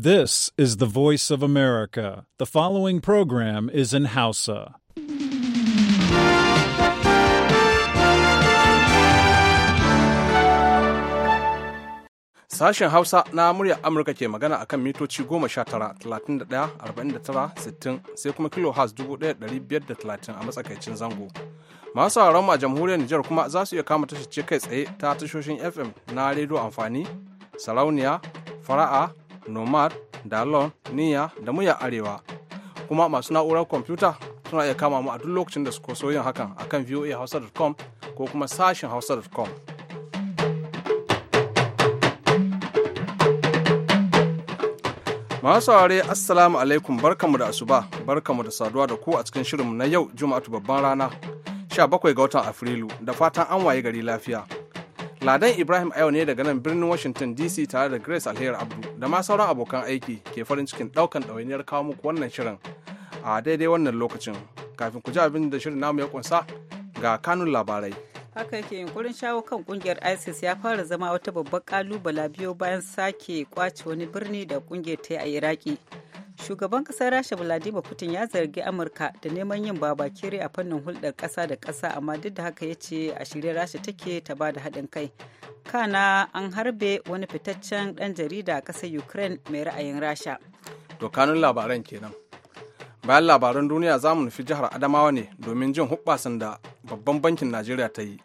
This is the voice of America. The following program is in Hausa. Sashen Hausa na murya Amurka ke magana a kan mitoci 19-31-49-60 sai kuma kilo has 1530 a matsakaicin zango. Masu sauraron mu a jamhuriyar Nijar kuma za su iya kama tashar kai tsaye ta tashoshin FM na rediyo amfani, sarauniya, fara'a, nomad dalon niya da muya arewa kuma masu na'urar kwamfuta suna iya kama mu a duk lokacin da suka so yin hakan akan voahausa.com ko kuma sashen hausa.com Masu saurare Assalamu alaikum barkamu da asuba barkamu da saduwa da ku a cikin shirinmu na yau Juma'atu babban rana 17 ga watan Afrilu da fatan an waye gari lafiya. Ladan Ibrahim a ne daga nan birnin Washington DC tare da Grace Alheri Abdu da ma sauran abokan aiki ke farin cikin ɗaukan ɗawainiyar kawo muku wannan shirin a daidai wannan lokacin. Kafin ku ji abin da shirin namu ya kunsa ga kanun labarai. haka yake yunkurin shawo kan kungiyar isis ya fara zama wata babbar kalubala biyo bayan sake kwace wani birni da kungiyar ta yi a iraki shugaban kasar rasha vladimir putin ya zargi amurka da neman yin babakere a fannin hulɗar ƙasa da ƙasa amma duk da haka ya ce a shirye rasha take ta ba da haɗin kai kana an harbe wani fitaccen ɗan jarida a ƙasar ukraine mai ra'ayin rasha to kanun labaran kenan bayan labaran duniya za mu nufi jihar adamawa ne domin jin hubbasan da babban bankin najeriya ta yi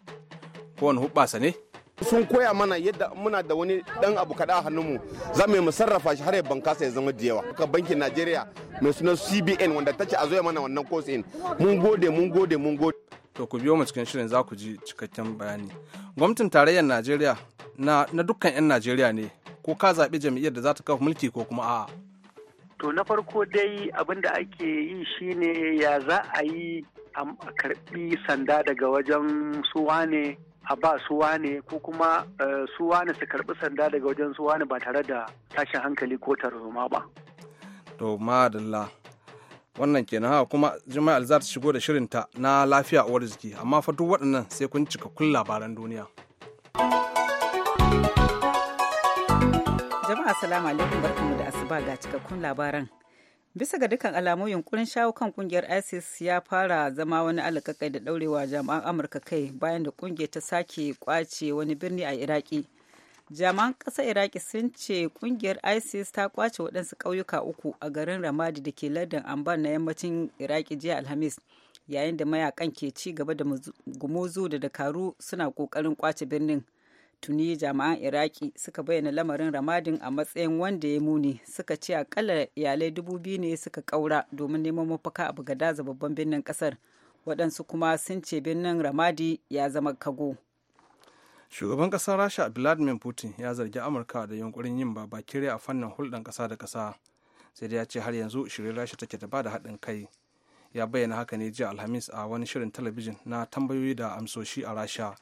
kowane hubbasa ne sun koya mana yadda muna da wani dan abu kada a hannunmu za mu sarrafa shi har ya bankasa ya zama da yawa bankin najeriya mai sunan cbn wanda ta ce a zo mana wannan course in mun gode mun gode mun gode to ku biyo mu cikin shirin za ku ji cikakken bayani gwamnatin tarayyar najeriya na, na dukkan 'yan najeriya ne ko ka zaɓi jam'iyyar da za ta kafa mulki ko kuma a'a to na farko dai abin da ake yi shine ya za a yi a karɓi sanda daga wajen su wane Aba ba ne, ko kuma eh, suwa ne su karɓi sanda daga wajen suwa ne ba tare da tashin hankali ko tarzoma ba. To madalla wannan kenan haka kuma Jima'al za ta shigo da shirinta na lafiya uwar jiki amma fa duk waɗannan sai kun cikakkun labaran duniya. Jama'a salamu alaikum barkanmu da asuba ga cikakkun labaran. bisa ga dukkan alamu yunkurin shawo kan kungiyar isis ya fara zama wani alakakai da daurewa jama'an amurka kai bayan da kungiyar ta sake kwace wani birni a iraki jami'an ƙasar iraki sun ce kungiyar isis ta kwace waɗansu ƙauyuka uku a garin ramadi da ke lardin amban na yammacin iraki jiya alhamis yayin da mayakan ke ci gaba da gumuzu da dakaru suna ƙoƙarin kwace birnin tuni jama'an iraki suka bayyana lamarin ramadin a matsayin wanda ya muni suka ce akalla iyalai dubu biyu ne suka kaura domin neman mafaka a daza babban birnin kasar waɗansu kuma sun ce birnin ramadi ya zama kago shugaban kasar rasha vladimir putin ya zargi amurka da yunkurin yin babakire a fannin hulɗan ƙasa da ƙasa sai dai ya ce har yanzu shirin rasha take da bada haɗin kai ya bayyana haka ne jiya alhamis a wani shirin talabijin na tambayoyi da amsoshi a rasha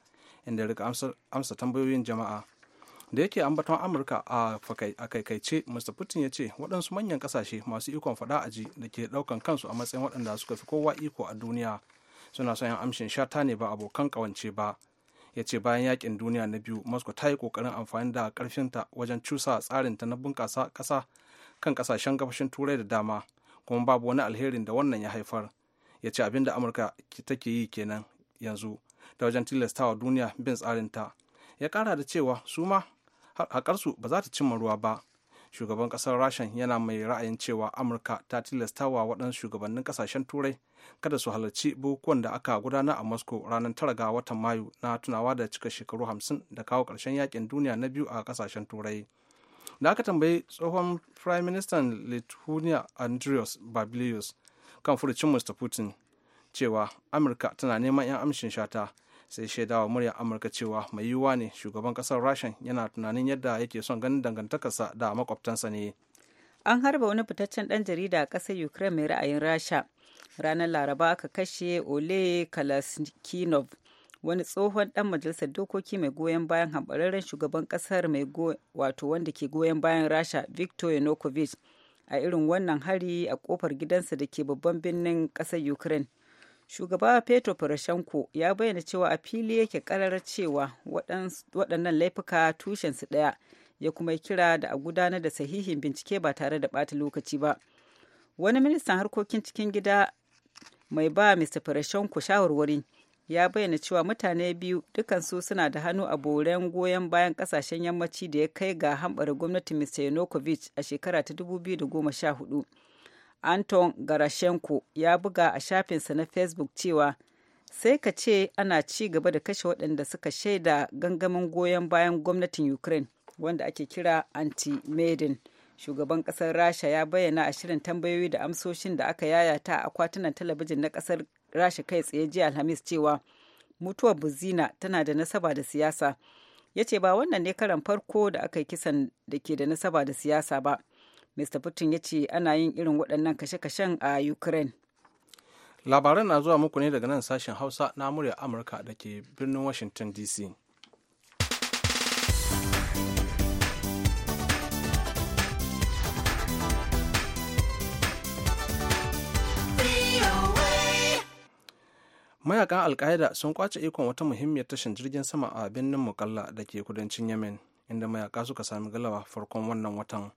inda rika amsa tambayoyin jama'a da yake ambaton amurka a kaikaice mr putin ya ce waɗansu manyan ƙasashe masu ikon faɗa a ji da ke ɗaukan kansu a matsayin waɗanda suka fi kowa iko a duniya suna son yin amshin shata ne ba abokan ƙawance ba ya ce bayan yakin duniya na biyu moscow ta yi ƙoƙarin amfani da ƙarfinta wajen cusa tsarin ta na bunkasa ƙasa kan ƙasashen gabashin turai da dama kuma babu wani alherin da wannan ya haifar ya ce abin da amurka take yi kenan yanzu da wajen tilastawa duniya bin tsarinta ya kara da cewa su ma haƙarsu ba za ta cimma ruwa ba shugaban ƙasar rashin yana mai ra'ayin cewa amurka ta tilastawa waɗansu shugabannin ƙasashen turai kada su halarci bukukuwan da aka gudana a moscow ranar tara ga watan mayu na tunawa da cika shekaru hamsin da kawo ƙarshen yakin duniya na biyu a ƙasashen turai da aka tambayi tsohon prime minister lithuania andrius babilius kan furucin mr putin cewa amurka tana neman 'yan amshin shata sai shaidawa murya amurka cewa mai yiwuwa ne shugaban kasar rashin yana tunanin yadda yake son ganin dangantakarsa da makwabtansa ne an harba wani fitaccen dan jarida a ƙasar ukraine mai ra'ayin rasha ranar laraba aka kashe ole kalaskinov wani tsohon dan majalisar dokoki mai goyon bayan hambararren shugaban kasar mai wato wanda ke goyon bayan rasha victor yanukovych a irin wannan hari a kofar gidansa da ke babban birnin ƙasar ukraine shugaba petro poroshenko ya bayyana cewa a fili yake karar cewa waɗannan laifuka tushensu ɗaya ya kuma kira da a gudanar da sahihin bincike ba tare da bata lokaci ba wani ministan harkokin cikin gida mai ba mr poroshenko shawarwari ya bayyana cewa mutane biyu dukansu suna da hannu a boren goyon bayan kasashen yammaci da ya kai ga hambara gwamnati mr yanukovych a shekara ta 2014 anton garashenko ya buga a shafinsa na facebook cewa sai ka ce ana ci gaba da kashe waɗanda suka shaida gangamin goyon bayan gwamnatin ukraine wanda ake kira anti-maiden shugaban ƙasar rasha ya bayyana a shirin tambayoyi da amsoshin da aka yayata a akwatunan talabijin na ƙasar rasha kai tsaye jiya alhamis cewa mutuwar buzina tana da nasaba da siyasa ya ce ba wannan ne karan farko da aka yi kisan da ke da nasaba da siyasa ba mr putin ya ce ana yin irin waɗannan kashe-kashen a ukraine labaran na zuwa muku ne daga nan sashen hausa na murya amurka da ke birnin washington dc mayakan alkaida sun kwace ikon wata muhimmiyar tashin jirgin sama a birnin mukalla da ke kudancin yemen inda mayaka suka sami galawa farkon wannan watan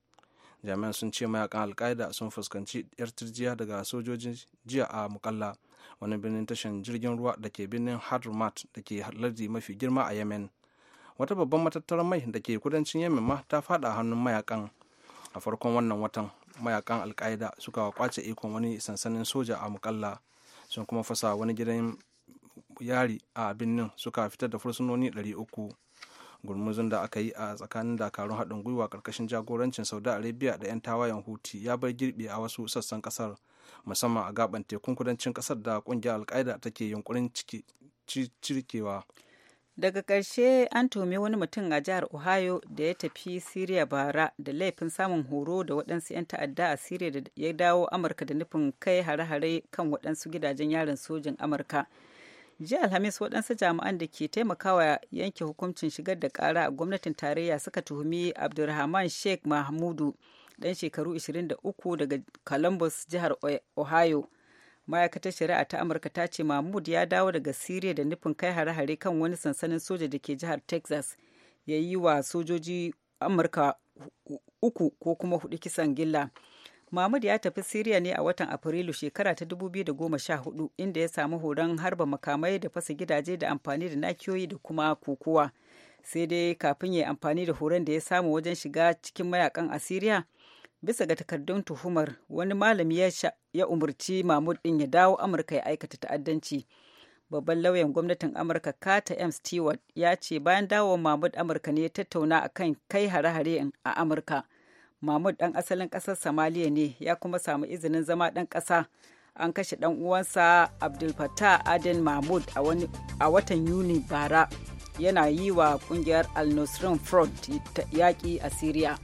jami'an sun ce mayakan alkaida sun fuskanci yar turjiya daga sojojin jiya a mukalla wani birnin tashan jirgin ruwa da ke birnin hadrumat da ke lardi mafi girma a yemen wata babban matattarar mai da ke kudancin yemen ma ta fada hannun mayakan a farkon wannan watan mayakan alkaida suka kwace ikon wani sansanin soja a mukalla sun kuma fasa wani gidan yari a birnin suka fitar da fursunoni 300 gurmuzun da aka yi a tsakanin dakarun haɗin gwiwa ƙarƙashin jagorancin saudi arabia da 'yan tawayen huti ya bar girbi a wasu sassan kasar musamman a gaban tekun kudancin ƙasar da kungiyar alkaida take yunkurin cirkewa daga karshe an tomi wani mutum a jihar ohio da ya tafi siriya bara da laifin samun horo da waɗansu 'yan ta'adda a siriya da ya dawo amurka da nufin kai hare-hare kan waɗansu gidajen yarin sojin amurka jiya alhamis waɗansu jami'an da ke taimakawa yanke hukuncin shigar da ƙara a gwamnatin tarayya suka tuhumi abdulrahman sheikh mahmudu ɗan shekaru 23 daga columbus jihar ohio ma'aikatar shari'a ta amurka ta ce mahmud ya dawo daga syria da nufin kai hare-hare kan wani sansanin soja da ke jihar texas ya yi wa sojoji amurka uku ko kuma hudu kisan gilla Mahmud ya tafi Siriya ne a watan Afrilu shekara ta 2014 inda ya samu horon harba makamai da fasa gidaje da amfani da nakiyoyi da kuma kokowa. Sai dai kafin ya yi amfani da horon da ya samu wajen shiga cikin mayakan Asiriya, bisa ga takardun tuhumar wani malami ya umarci Mahmud din ya dawo Amurka ya aikata ta'addanci. Babban lauyan gwamnatin Amurka kata M. Stewart ya ce bayan dawowar Mahmud Amurka ne ya tattauna akan kai hare-hare a Amurka. mahmud ɗan asalin ƙasar somaliya ne ya kuma samu izinin zama ɗan ƙasa an kashe ɗan uwansa abdul fattah aden mahmud a watan yuni bara yana yi wa ƙungiyar al-nusrin front yaƙi a syria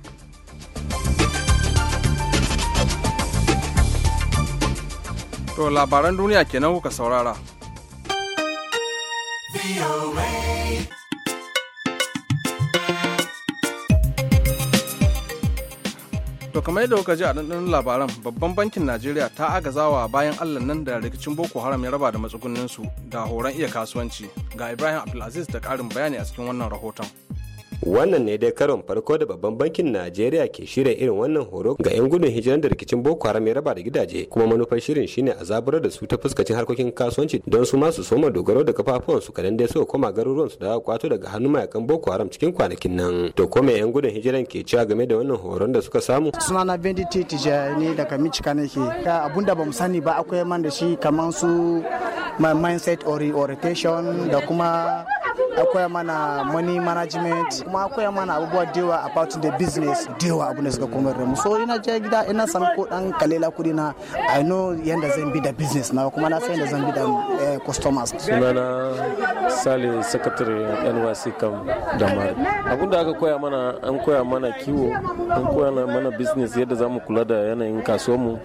To labaran duniya kenan kuka saurara. To kamar yadda kuka ji a ɗanɗanon labaran babban bankin Najeriya ta agazawa bayan Allah nan da rikicin Boko Haram ya raba da matsugunninsu da horon iya kasuwanci ga Ibrahim Abdulaziz da ƙarin bayani a cikin wannan rahoton. wannan ne dai karon farko da babban bankin najeriya ke shirya irin wannan horo ga 'yan gudun hijiran da rikicin boko haram ya raba da gidaje kuma manufar shirin shine a zaburar da su ta fuskacin harkokin kasuwanci don su ma su soma dogaro da kafafuwan su kadan dai suka koma garuruwan su da kwato daga hannun mayakan boko haram cikin kwanakin nan to ko me 'yan gudun hijiran ke cewa game da wannan horon da suka samu sunana titi ne daga michigan yake abunda ba mu sani ba akwai man da shi kamar su mindset orientation da kuma akwai koya mana money management kuma akwai koya mana abubuwa da yawa about the business da yawa abin da suka koyar da mu so ina je gida ina san ko dan kalela kudi na i know yanda zan bi da business na kuma na san yanda zan bi da eh, customers sunana sale secretary NYC kam da mari abun da aka koya mana an koya mana kiwo an koya mana business yadda zamu kula da yanayin kasuwar mu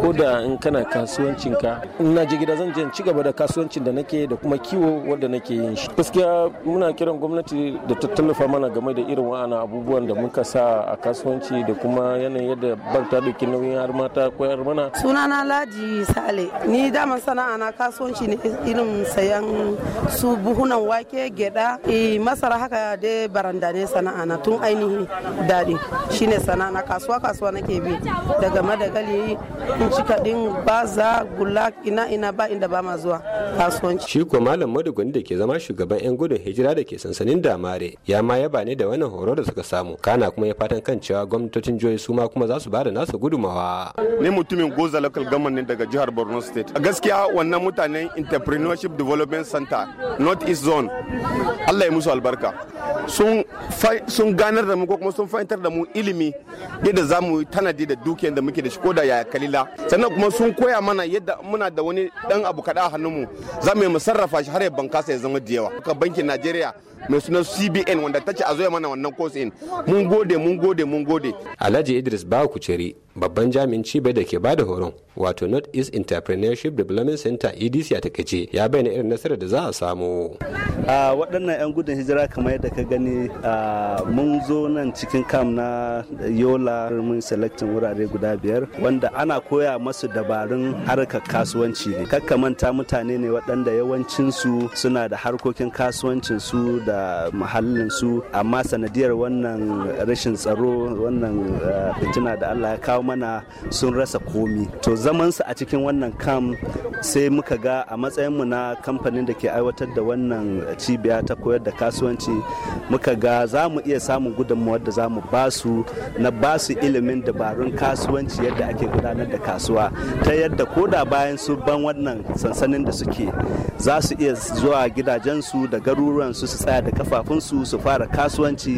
ko da in kana kasuwancinka ina na je gida zan je ci gaba da kasuwancin da nake da kuma kiwo wanda nake yin shi gaskiya muna kiran gwamnati da ta tallafa mana game da irin wa'ana abubuwan da muka sa a kasuwanci da kuma yanayin yadda bar ta dauki nauyin har mata koyar mana sunana laji sale ni daman sana'a na kasuwanci ne irin sayan su buhunan wake gyada eh, masara haka da baranda ne sana'a na tun ainihin daɗi shine sana'a na kasuwa kasuwa nake bi daga madagali in cika din baza gula ina ina ba inda ba ma zuwa kasuwanci shi ko malam madugun da ke zama shugaban yan gudun gudun hijira da ke sansanin damare ya ma yaba ne da wannan horo da suka samu kana kuma ya fatan kan cewa gwamnatocin jihohi su ma kuma za su bada nasu gudumawa ne mutumin goza local government daga jihar borno state a gaskiya wannan mutanen entrepreneurship development center north east zone allah ya musu albarka sun ganar da mu ko kuma sun fahimtar da mu ilimi yadda za mu tanadi da dukiyar da muke da shi ko da yaya kalila sannan kuma sun koya mana yadda muna da wani dan abu kaɗa a hannunmu za mu yi sarrafa shi har ya bankasa ya zama da yawa bankin najeriya mai suna cbn wanda ta ce a zo mana wannan kosin mun gode mun gode mun gode alhaji idris ba kuceri. babban jami'in cibiyar da ke bada horon wato north east entrepreneurship development center edc a takaice ya bayyana irin nasarar da za a samu a waɗannan 'yan gudun hijira kamar yadda ka gani mun zo nan cikin kam na yola mun selectin wurare guda biyar wanda ana koya masu dabarun harkar kasuwanci ne kakkamanta mutane ne waɗanda su suna da harkokin kasuwancin su da muhallin su amma sanadiyar wannan rashin tsaro wannan fitina da allah ya kawo Mana sun rasa komi to zamansu a cikin wannan kam sai muka ga a matsayin mu na kamfanin da ke aiwatar da wannan cibiya ta koyar da kasuwanci muka ga za mu iya samun gudunmawar da za mu ba su na ba su ilimin dabarun kasuwanci yadda ake gudanar da kasuwa ta yadda koda bayan su ban wannan sansanin da suke za su iya zuwa gidajensu da garuruwansu su tsaya da kafafunsu su fara kasuwanci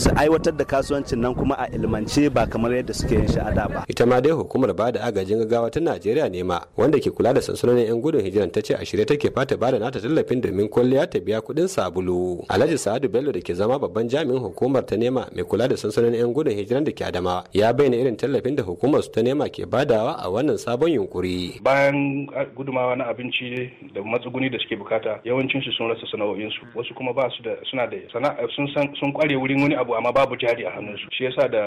su aiwatar da kasuwancin nan kuma a ilmance ba kamar yadda suke yin shi a ba. Ita ma dai hukumar bada agajin gaggawa ta Najeriya ne ma wanda ke kula da sansanonin 'yan gudun hijiran ta ce a shirye take fata ba da nata tallafin domin kwalliya ta biya kuɗin sabulu. Alhaji Sa'adu Bello da ke zama babban jami'in hukumar ta nema mai kula da sansanonin 'yan gudun hijiran da ke adama ya bayyana irin tallafin da hukumar su ta nema ke badawa a wannan sabon yunkuri. Bayan gudumawa na abinci da matsuguni da suke bukata yawancinsu sun rasa su wasu kuma ba su da suna da sana'a sun kware wurin wani abu amma babu jari a hannun su shi yasa da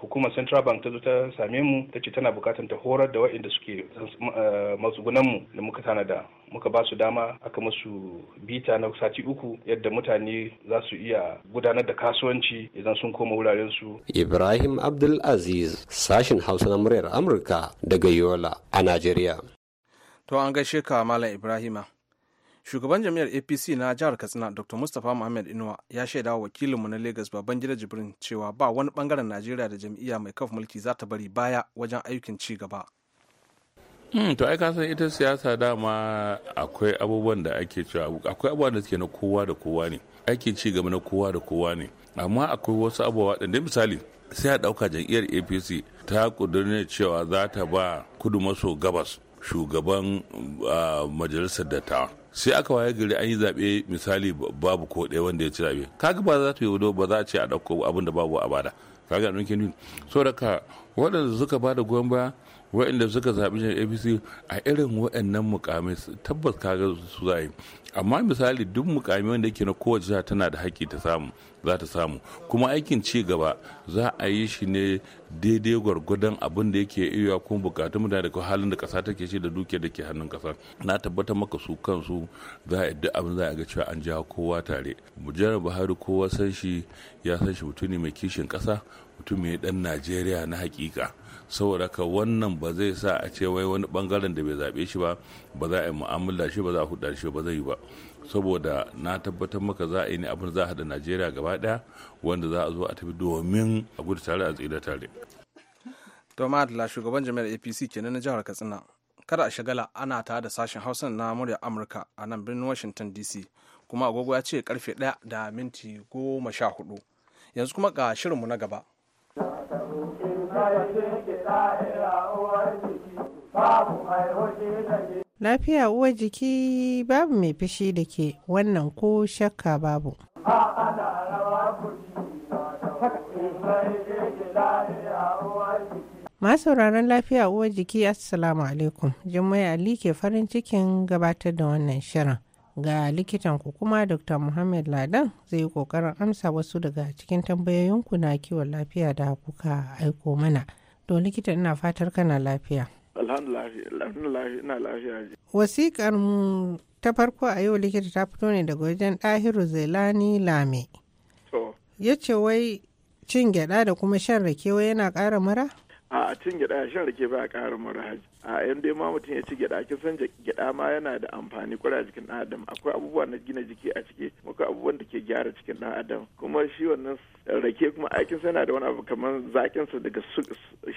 hukumar central bank ta zo ta same mu ta ce tana bukatar ta horar da waɗanda suke eh, matsugunan mu da muka tanada muka ba su dama aka masu bita na sati uku yadda mutane za su iya gudanar da kasuwanci idan sun koma wuraren su ibrahim abdul aziz sashin hausa na muryar amurka daga yola a nigeria. to an gaishe ka malam ibrahima shugaban jami'ar apc na jihar katsina dr mustapha muhammad inuwa ya shaida wa wakilinmu na lagos baban gida jibrin cewa ba wani bangaren najeriya da jam'iyya mai kafa mulki za ta bari baya wajen aikin ci gaba hmm, to ai kasan ita siyasa dama akwai abubuwan da ake cewa akwai abubuwan da suke na kowa da kowa ne aikin ci gaba na kowa da kowa ne amma akwai wasu abubuwa da misali sai a dauka jam'iyyar apc ta kudurne cewa za ta ba kudu maso gabas shugaban majalisar dattawa sai aka waye gari an yi zaɓe misali babu ko ɗaya wanda ya ci zaɓe kaga ba za ta yi ba za a ce a ɗauko abin da babu a bada kaga ɗauki ni so ka waɗanda suka bada goyon baya waɗanda suka zaɓi jan apc a irin waɗannan mukamai tabbas kaga su za amma misali duk mukamai wanda yake na kowace jiha tana da haƙƙi ta samu za ta samu kuma aikin ci gaba za a yi shi ne daidai gwargwadon abin da yake iya kuma bukatun da daga halin da ƙasa take shi da duke da ke hannun ƙasa na tabbatar maka su kansu za a duk abin za a ga cewa an ja kowa tare mujara buhari kowa san shi ya san shi mutum ne mai kishin ƙasa mutum ne dan najeriya na hakika saboda ka wannan ba zai sa a ce wai wani bangaren da bai zaɓe shi ba ba za a yi mu'amala shi ba za a huda shi ba zai yi ba saboda na tabbatar maka za a yi ne abin za a haɗa najeriya gaba ɗaya wanda za a zo a tafi domin a gudu tare a tsira tare. to ma'adala shugaban jami'ar apc kenan na jihar katsina kada a shagala ana ta da sashen hausa na murya amurka a nan birnin washington dc kuma agogo ya ce karfe 1 da minti goma sha hudu yanzu kuma ga shirinmu na gaba. Lafiya uwa jiki babu mai fishi da ke wannan ko shakka babu. Masu sauraron lafiya uwarjiki jiki Assalamu alaikum. Jummai Ali ke farin cikin gabatar da wannan shirin. ga likitan ku kuma dr muhammad ladan zai yi kokarin amsa wasu daga cikin tambayoyinku na kiwon lafiya da kuka aiko mana to likita ina fatar kana lafiya Wasikar mu ta farko a yau likita ta fito ne daga wajen ɗahiru zailani lame ya ce wai cin gyada da kuma shan rakewa yana ƙara mara. a cin gyaɗa shan rake ba ƙara haji a yan dai ma mutum ya ci gyaɗa kin san gyaɗa ma yana da amfani kura jikin ɗan adam akwai abubuwa na gina jiki a ciki akwai abubuwan da ke gyara cikin ɗan adam kuma shi wannan rake kuma aikin sa yana da wani abu kamar zakin sa daga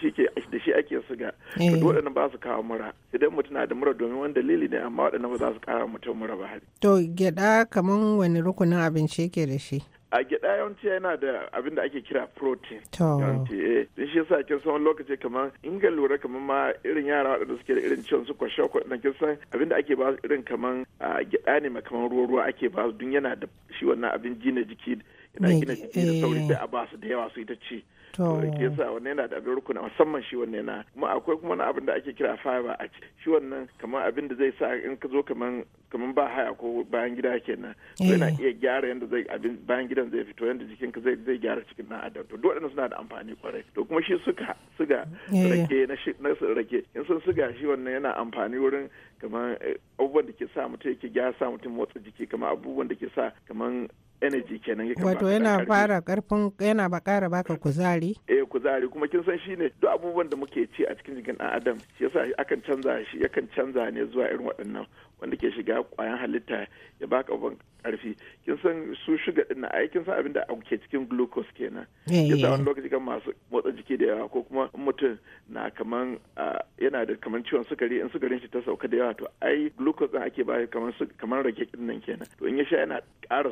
shi ke da shi ake suga to waɗannan eh. ba su kawo mura idan mutum na da mura domin wani dalili ne amma waɗannan ba za su kawo mutum mura ba to gyaɗa kamar wani rukunin abinci yake da shi a gida yawanci yana da abin da ake kira protein yawanci eh shi yasa kin san lokaci kamar in ga lura kamar ma irin yara waɗanda suke da irin ciwon su kwashe ko na kin san abin da ake ba su irin kamar gida ne kamar ruwa ruwa ake ba su dun yana da shi wannan abin gina jiki yana gina jiki da sauri eh. sai a ba su da yawa su ita ci to ke yasa wannan yana da abin rukuna musamman shi wannan yana kuma akwai kuma wani abin da ake kira fiber a shi wannan kamar abin da zai sa in ka zo kamar kamar ba haya ko bayan gida kenan to yana eh. iya gyara yanda zai abin bayan gidan zai fito yanda jikin ka zai zai gyara cikin na adam to duk suna da amfani kwarai to kuma shi suka suga eh. rake na shi na rake in sun suga shi wannan yana amfani wurin kamar eh, abubuwan da ke sa mutum yake gyara sa mutum motsa jiki kamar abubuwan da ke sa kamar energy kenan ya wato yana fara karfin yana ba kara baka kuzari eh kuzari kuma kin san shine duk abubuwan da muke ci a cikin jikin dan adam shi yasa akan canza shi yakan canza ne zuwa irin waɗannan wanda ke shiga kwayan halitta ya baka ban karfi kin san su shuga din ai kin san abin da ke cikin glucose kenan eh, yasa eh, wani eh. lokaci kan masu motsa jiki da yawa ko kuma mutum na kaman yana da kaman ciwon sukari in sukarin shi ta sauka da yawa to ai glucose din ake ba kaman kaman rake din nan kenan to in ya sha yana ƙara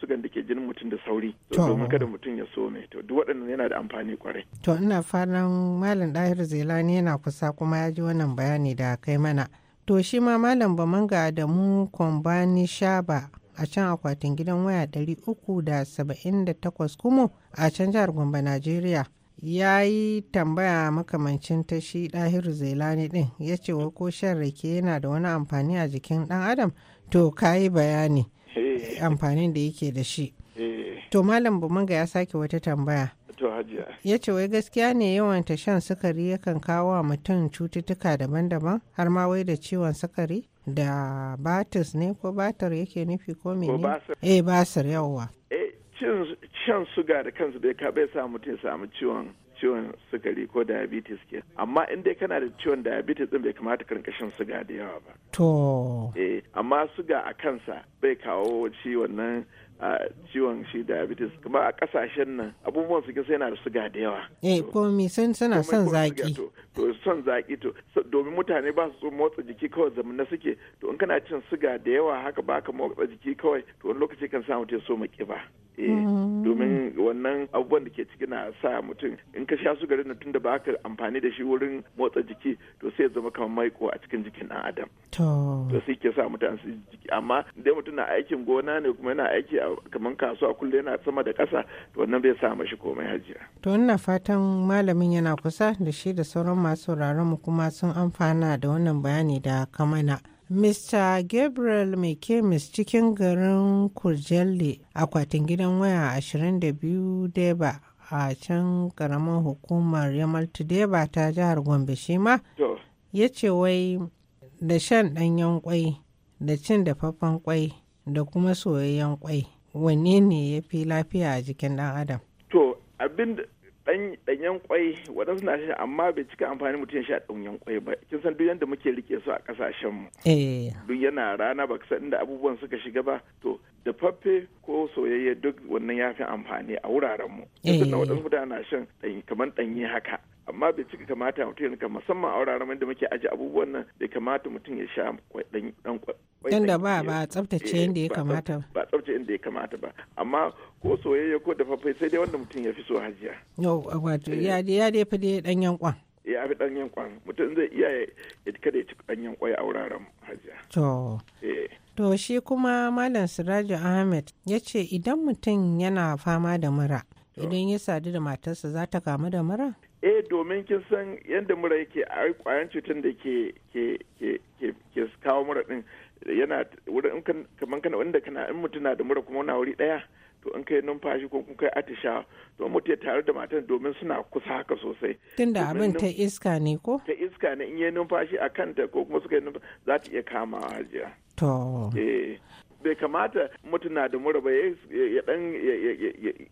sugan da ke jinin mutum da sauri domin kada mutum ya so mai to duk waɗannan yana da amfani kwarai to ina fatan malam dahir zelani yana kusa kuma ya ji wannan bayani da kai mana To shi ma Malam Bamanga da mu Kwambani Shaba a can akwatin gidan waya 378 kuma a can jihar Gombe, Najeriya. Ya yi tambaya makamancin ta shi ɗahiru Zailani ɗin ya ce wa ko shan rake yana da wani amfani a jikin ɗan adam to ka yi bayani eh. amfanin da yake da shi. Eh. To Malam Bamanga ya sake wata tambaya. to hajiya ya ce wai gaskiya ne yawan ta shan sukari yakan kawo wa mutum cututtuka daban-daban har ma wai da ciwon sukari da batis ne ko batar yake nufi ko ne eh basir yawwa eh shan suga da kansu bai ka bai sa mutum ya samu ciwon ciwon sukari ko diabetes ke amma in dai kana da ciwon diabetes din bai kamata ka rinka shan suga da yawa ba to eh amma suga a kansa bai kawo ciwon nan a ciwon shi diabetes kamar a kasashen nan abubuwan suke sai yana da suga da yawa eh mi san suna son zaki to son zaki to domin mutane ba su so motsa jiki kawai zamanna suke to in kana cin suga da yawa haka ba ka motsa jiki kawai to wani lokaci kan samu te so mu kiba Eh, mm. domin wannan abubuwan da ke ciki na sa mutum in ka sha sugarin na tun da ba ka amfani da shi wurin motsa jiki to sai ya zama kamar maiko a cikin jikin ɗan adam to sai ke sa mutane su jiki amma dai mutum na aikin gona ne kuma yana aiki kamar kasuwa kullum yana sama da ƙasa to wannan bai sa mashi komai hajiya to ina fatan malamin yana kusa da shi da sauran masu mu kuma sun amfana da wannan bayani da kamana. Mr. Gabriel Mekemis cikin garin Kur'jalli, akwatin gidan waya 22 Deba a can karamin hukumar Yamaltu Deba ta jihar Gombe shi ma ya ce wai da shan ɗanyen kwai da cin dafaffen kwai da kuma soyayyen kwai wanne ne ya fi lafiya a jikin ɗan adam. To abin ɗanyen kwai waɗansu suna shi amma bai cika amfani mutum sha ɗanyen kwai ba kin san duk yadda muke rike su a kasashen mu eh. duk yana rana baka san inda abubuwan suka shiga ba to da faffe ko soyayya duk wannan ya amfani a wuraren mu kin san eh. waɗansu mutane na shan kamar danye haka amma bai cika kamata mutum ya musamman a wuraren da muke aji abubuwan nan bai kamata mutum ya sha dan dan tunda ba ba tsaftace eh, yadda ya kamata ba tsaftace yadda ya kamata ba amma ko soyayya ko fafai sai dai wanda mutum ya fi so hajiya yau wato eh. ya ya dai fi dai dan yankwan ya fi dan yankwan mutum zai iya ya kada ya ci dan yankwai a wuraren hajiya to eh. To shi kuma Malam Siraju Ahmed ya ce idan mutum yana fama da mura, idan ya sadu da matarsa za ta kamu da mura? eh domin kin san yadda mura yake a kwayan cutar da ke ke ke ke kawo mura din yana wurin kaman kana wanda kana in mutum na da mura kuma wani wuri daya to in kai numfashi ko kun kai atisha to mutu ya tare da matan domin suna kusa haka sosai tunda abin ta iska ne ko ta iska ne in yi numfashi a kanta ko kuma suka yi numfashi za ta iya kamawa hajiya to eh bai kamata mutuna na da muraba ya dan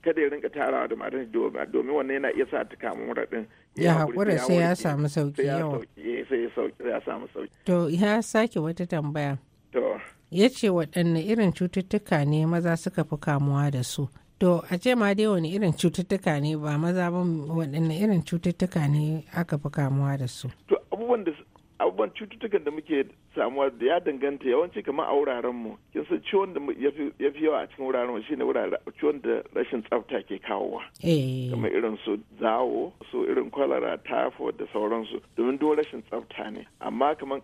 kada ya rinka tarawa da matan domin wannan yana iya sa ta kama mura din ya hakura sai ya samu sauki yawa eh, sai ya samu sauki to ya sake wata tambaya to ya ce waɗanne irin cututtuka ne maza suka fi kamuwa da su to a ce ma dai wani irin cututtuka ne ba maza ba waɗanne irin cututtuka ne aka fi kamuwa da su to abubuwan da abubuwan cututtukan da muke samuwa da ya danganta yawanci kamar a wuraren mu kin san ciwon da ya fi yawa a cikin wuraren mu shine wuraren ciwon da rashin tsafta ke kawowa eh. kamar irin su zawo su irin kwalara typhoid da sauransu domin duk rashin tsafta ne amma kamar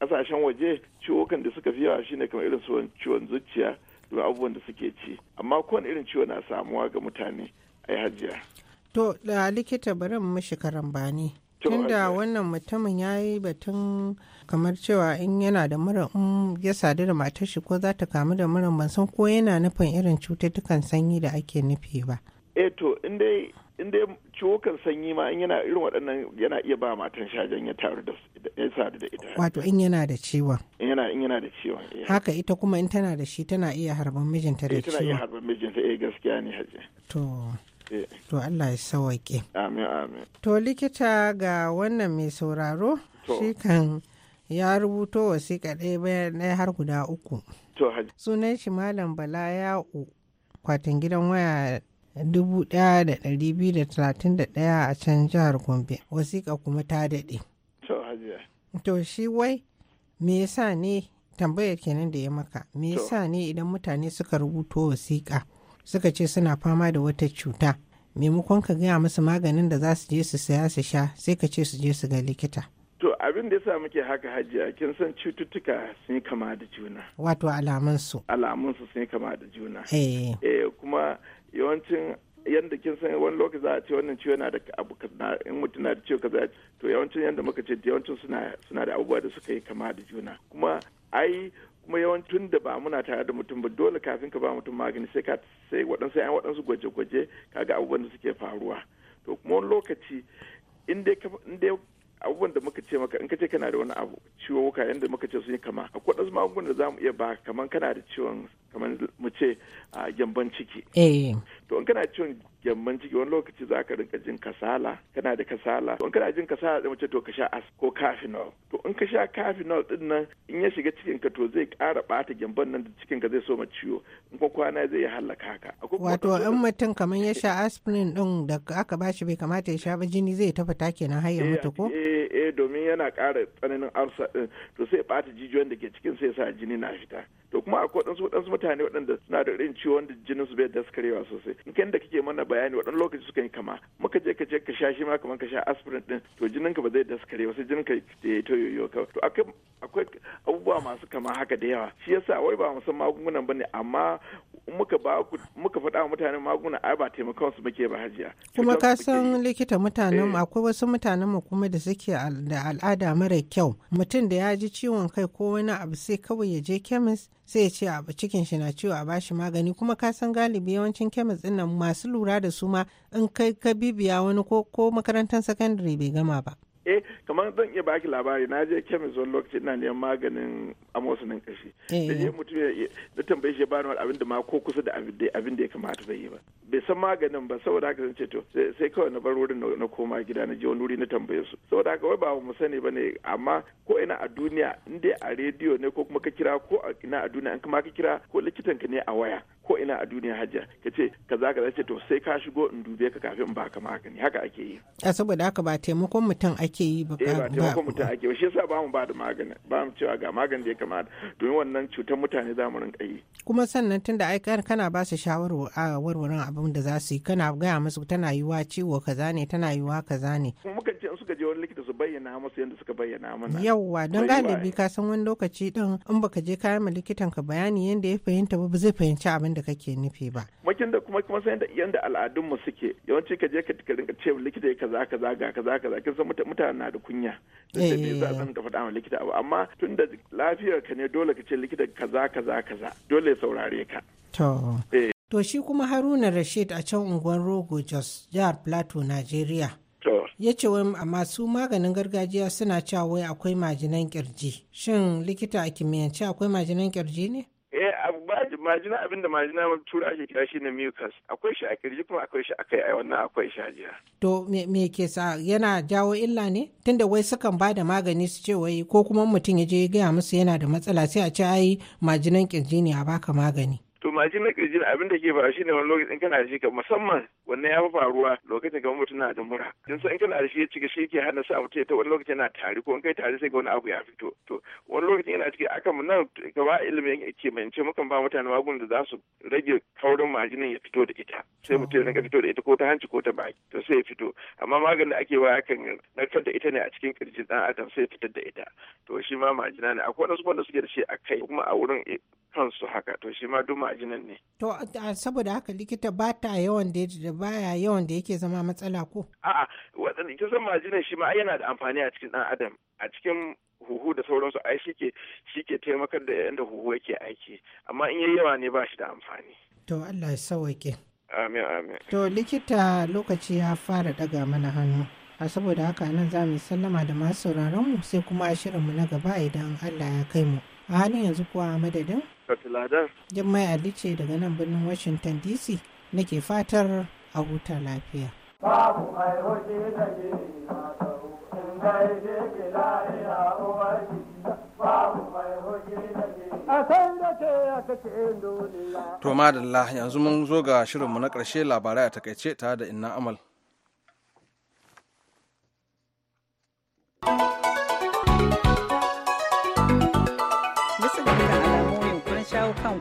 kasashen waje ciwokan da suka fi yawa shine kamar irin su ciwon zuciya da abubuwan da suke ci amma kowane irin ciwo na samuwa ga mutane ai hajiya to da likita bari mu mishi karambani tunda wannan mutumin ya yi batun kamar cewa in yana da mura in ya sadu da matar shi ko za ta kamu da mura ban san ko yana nufin irin cututtukan sanyi da ake nufi ba eto eh, to in dai in ciwukan sanyi ma in yana irin waɗannan yana iya ba matan shajen ya taru da ya sadu da ita wato in yana da ciwon in yana in yana da ciwon eh. haka ita kuma in tana da shi tana iya harban mijinta da ciwon eh, tana iya harban mijinta eh gaskiya ne haje to To Allah ya sawaƙe. Amin amin. To likita ga wannan mai sauraro shi kan ya rubuto wasiƙa ɗaya bayan ɗaya har guda uku. Sunan shi Malam Bala ya kwatin gidan waya dubu ɗaya da da da ɗari biyu ɗaya a can jihar Gombe wasiƙa kuma ta daɗe. To shi wai me yasa ne tambayar kenan da ya maka me yasa ne idan mutane suka rubuto wasiƙa suka ce suna fama da wata cuta maimakon ka gaya musu maganin da za su je su saya su sha sai ka ce su je su ga likita to abin da yasa muke haka hajiya kin san cututtuka sun yi kama da juna wato alamansu alamansu sun yi kama da juna eh, eh kuma yawancin yadda kin san wani lokaci za a ce wannan ciwo na da abu kaza in mutum na da ciwo kaza to yawancin yadda muka ce yawancin suna suna da abubuwa da suka yi kama da juna kuma ai kuma yawancin da ba muna tare da mutum ba dole kafin ka ba mutum magani sai ka sai waɗansu yan waɗansu gwaje-gwaje kaga abubuwan da suke faruwa to kuma wani lokaci in dai abubuwan da muka ce maka in ka ce kana da wani abu ciwo wuka yadda muka ce sun yi kama akwai waɗansu magungunan da za mu iya ba kamar kana da ciwon kamar mu ce a gyamban ciki eh. to in kana cin gyamban ciki wani lokaci za ka rinka jin kasala kana da kasala to in kana jin kasala da mace to ka sha as ko kafinol to in ka sha kafinol din nan in ya shiga cikinka ka to zai ƙara bata gyamban nan da cikinka ka zai ma ciwo in ko kwana zai yi halaka ka wato in mutum kamar ya sha aspirin din da aka bashi bai kamata ya sha ba jini zai tafi takenan kenan har ya eh, mutu ko eh, eh domin yana ƙara tsananin arsa din to sai bata jijiyoyin da ke cikin sai sa jini na fita to kuma akwai waɗansu waɗansu mutane waɗanda suna da irin ciwon da jinin su bai daskarewa sosai in kan da kake mana bayani waɗan lokaci suka yi kama muka je ka je ka sha shi ma kamar ka sha aspirin din to jinin ka ba zai daskare ba sai jinin ka ya ta yoyo ka to akwai akwai abubuwa masu kama haka da yawa shi yasa wai ba mu san magungunan bane amma muka ba ku muka faɗa wa mutanen magungunan ai ba taimakon su muke ba hajiya kuma ka san likita mutanen eh. akwai wasu mutanen mu kuma da suke da al'ada mara kyau mutum da ya ji ciwon kai ko wani abu sai kawai ya je kemis sai ya ce abu cikin shi na ciwo a shi magani kuma ka san galibi yawancin kemis ɗin nan masu lura da su ma in kai ka bibiya wani ko makarantar sakandare bai gama ba. eh kamar zan iya baki labari na je kemis wani lokaci ina neman maganin amosunin kashi eh. da je mutum ya tambaye shi bani wani abin da ma ko kusa da abin da ya kamata bai yi ba bai san maganin ba saboda haka zan ce to sai kawai na bar wurin na koma gida na je wani wuri na tambaye su saboda haka wai ba mu sani ba ne amma ko ina a duniya in dai a rediyo ne ko kuma ka kira ko ina a duniya in kuma ka kira ko likitan ka ne a waya ko ina a duniya hajja ka ce kaza ka ce to sai ka shigo in dube ka kafin in ka magani haka ake yi a saboda haka ba taimakon mutum ake yi ba eh, ba taimakon mutum ake ba shi yasa ba mu ba da magani ba mu cewa ga magani da ya kamata domin wannan cutar mutane za mu rinka yi kuma sannan tunda ai kana ba su warwarin abin da za su yi kana gaya musu tana yiwa ciwo kaza ne tana yiwa kaza ne muka ce in suka je wani likita su bayyana musu yadda suka bayyana mana yawwa don galibi ka san wani lokaci din in baka je kayan ma likitan ka bayani yadda ya fahimta ba zai fahimci abin da kake nufi ba makin da kuma kuma san yanda al'adun mu suke yawanci ka je ka rinka ce likita kaza kaza ga kaza kaza kin san mutane na da kunya da me ka faɗa ma likita amma tunda lafiyar ka ne dole ka ce likita kaza kaza kaza dole saurare ka to eh. To shi kuma Haruna Rashid a can unguwar Rogo Jos, jihar Plateau, Najeriya. Ya ce wai amma su maganin gargajiya suna cewa wai akwai majinan kirji. Shin likita a kimiyyance akwai majinan kirji ne? eh majina abinda majina tura ake kira shi na mucus akwai shi a kirji kuma akwai shi a kai a wannan akwai shi hajiya to me ke sa yana jawo illa ne tunda wai sukan ba da magani su ce wai ko kuma mutum ya je ya gaya musu yana da matsala sai a ce ai majinan kirji ne a baka magani to majin na kirji abin da ke faruwa shine wani lokacin kana da shi ka musamman wannan ya fi faruwa lokacin kamar mutum na da mura in san kana da shi ya cika shi ke hana sa mutum ta wani lokacin yana tari ko in kai tari sai ga wani abu ya fito to wani lokacin yana ciki aka mu nan gaba ilimin ke ce mukan ba mutane wagun da za su rage kaurin majinin ya fito da ita sai mutum ya fito da ita ko ta hanci ko ta baki to sai ya fito amma maganin da ake wa yakan narkar da ita ne a cikin kirjin dan adam sai fitar da ita to shi ma majina ne akwai wasu wanda suke da shi a kai kuma a wurin kansu haka to shi ma duma ajinan ne. To saboda haka likita ba ta yawan da baya yawan da yake zama matsala ko? A'a wadanda ita zama ajinan shi ma yana da amfani a cikin dan adam a cikin huhu da sauransu ai shi ke shi ke taimakar da yadda huhu yake aiki amma in yayi yawa ne ba shi da amfani. To Allah ya sauke. Amin amin. To likita lokaci ya fara daga mana hannu. a saboda haka nan za mu sallama da masu sauraron mu sai kuma a shirinmu na gaba idan Allah ya kai mu. a halin yanzu kuwa a madadin Jummai Ali ce daga nan birnin Washington DC nake fatar a huta lafiya. Babu mai da ke To madalla yanzu mun zo ga shirinmu na ƙarshe labarai a takaice ta da inna amal.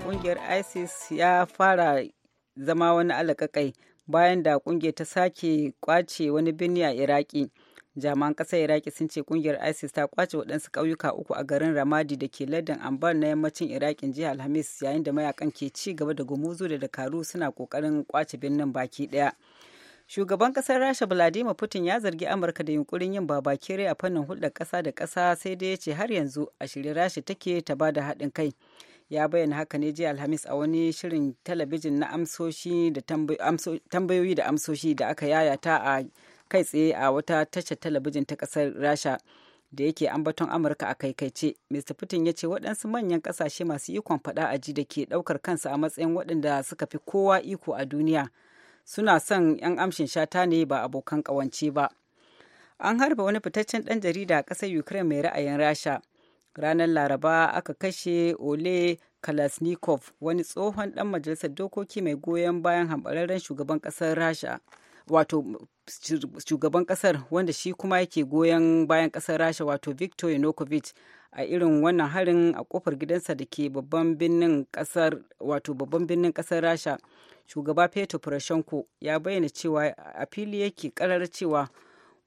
kungiyar isis ya fara zama wani alakakai bayan da kungiyar ta sake kwace wani birni a iraki jami'an ƙasar iraki sun ce kungiyar isis ta kwace waɗansu ƙauyuka uku a garin ramadi da ke lardin ambar na yammacin Irakin jiya alhamis yayin da mayakan ke ci gaba da gumuzu da dakaru suna ƙoƙarin kwace birnin baki ɗaya shugaban ƙasar rasha vladimir putin ya zargi amurka da yunkurin yin babakere a fannin hulɗar ƙasa da ƙasa sai dai ya ce har yanzu a shirye rasha take ta ba da haɗin kai ya bayyana haka ne jiya alhamis a wani shirin talabijin na amsoshi da tambayoyi da amsoshi da aka yayata a kai tsaye a wata tashar talabijin ta kasar rasha da yake ambaton amurka a ce,” mr putin ya ce waɗansu manyan ƙasashe masu ikon faɗa a ji da ke ɗaukar kansa a matsayin waɗanda suka fi kowa iko a duniya suna son 'yan amshin shata ne ba abokan ƙawance ba an harba wani fitaccen ɗan jarida a ƙasar ukraine mai ra'ayin rasha ranar laraba aka kashe ole kalasnikov wani tsohon dan majalisar dokoki mai goyon bayan hambararren shugaban kasar rasha wato shugaban kasar wanda shi kuma yake goyon bayan kasar rasha wato victor yanukovych a irin wannan harin a kofar gidansa da ke babban birnin kasar wato babban birnin kasar rasha shugaba peter poroshenko ya bayyana cewa a fili yake karar cewa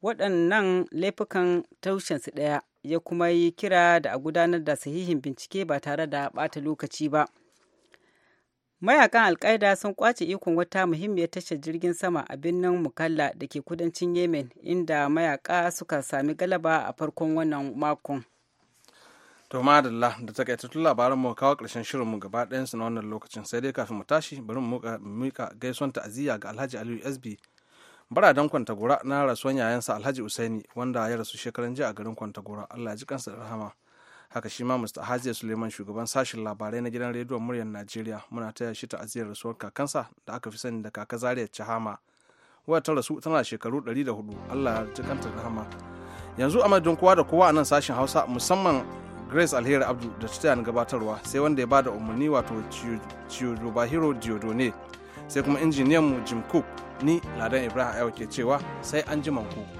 waɗannan laifukan taushensu ɗaya ya kuma yi kira da a gudanar da sahihin bincike ba tare da bata lokaci ba mayakan alkaida sun kwace ikon wata muhimmiyar tashar jirgin sama a birnin mukalla da ke kudancin yemen inda mayaka suka sami galaba a farkon wannan makon to madalla da takaitattun labaran mu kawo karshen mu gaba ɗayan na wannan lokacin sai dai kafin mu tashi bari mu mika gaisuwan ta'aziyya ga alhaji aliyu sb baradan kwantagora na rasuwan yayansa alhaji usaini wanda ya rasu shekaran jiya a garin kwantagora allah ji kansa da rahama haka shi ma mr hajiya suleiman shugaban sashen labarai na gidan rediyon muryar najeriya muna taya shi ta'aziyar rasuwar kakansa da aka fi sani da kaka zaria chahama wayar ta rasu tana shekaru 104 allah ji kanta da rahama yanzu a madadin kowa da kowa a nan sashen hausa musamman grace alheri abdu da ta gabatarwa sai wanda ya bada umarni wato ciyo bahiro diodone sai kuma injiniyanmu jim cook ni ladan ibrahim ayo ke cewa sai an ji ku.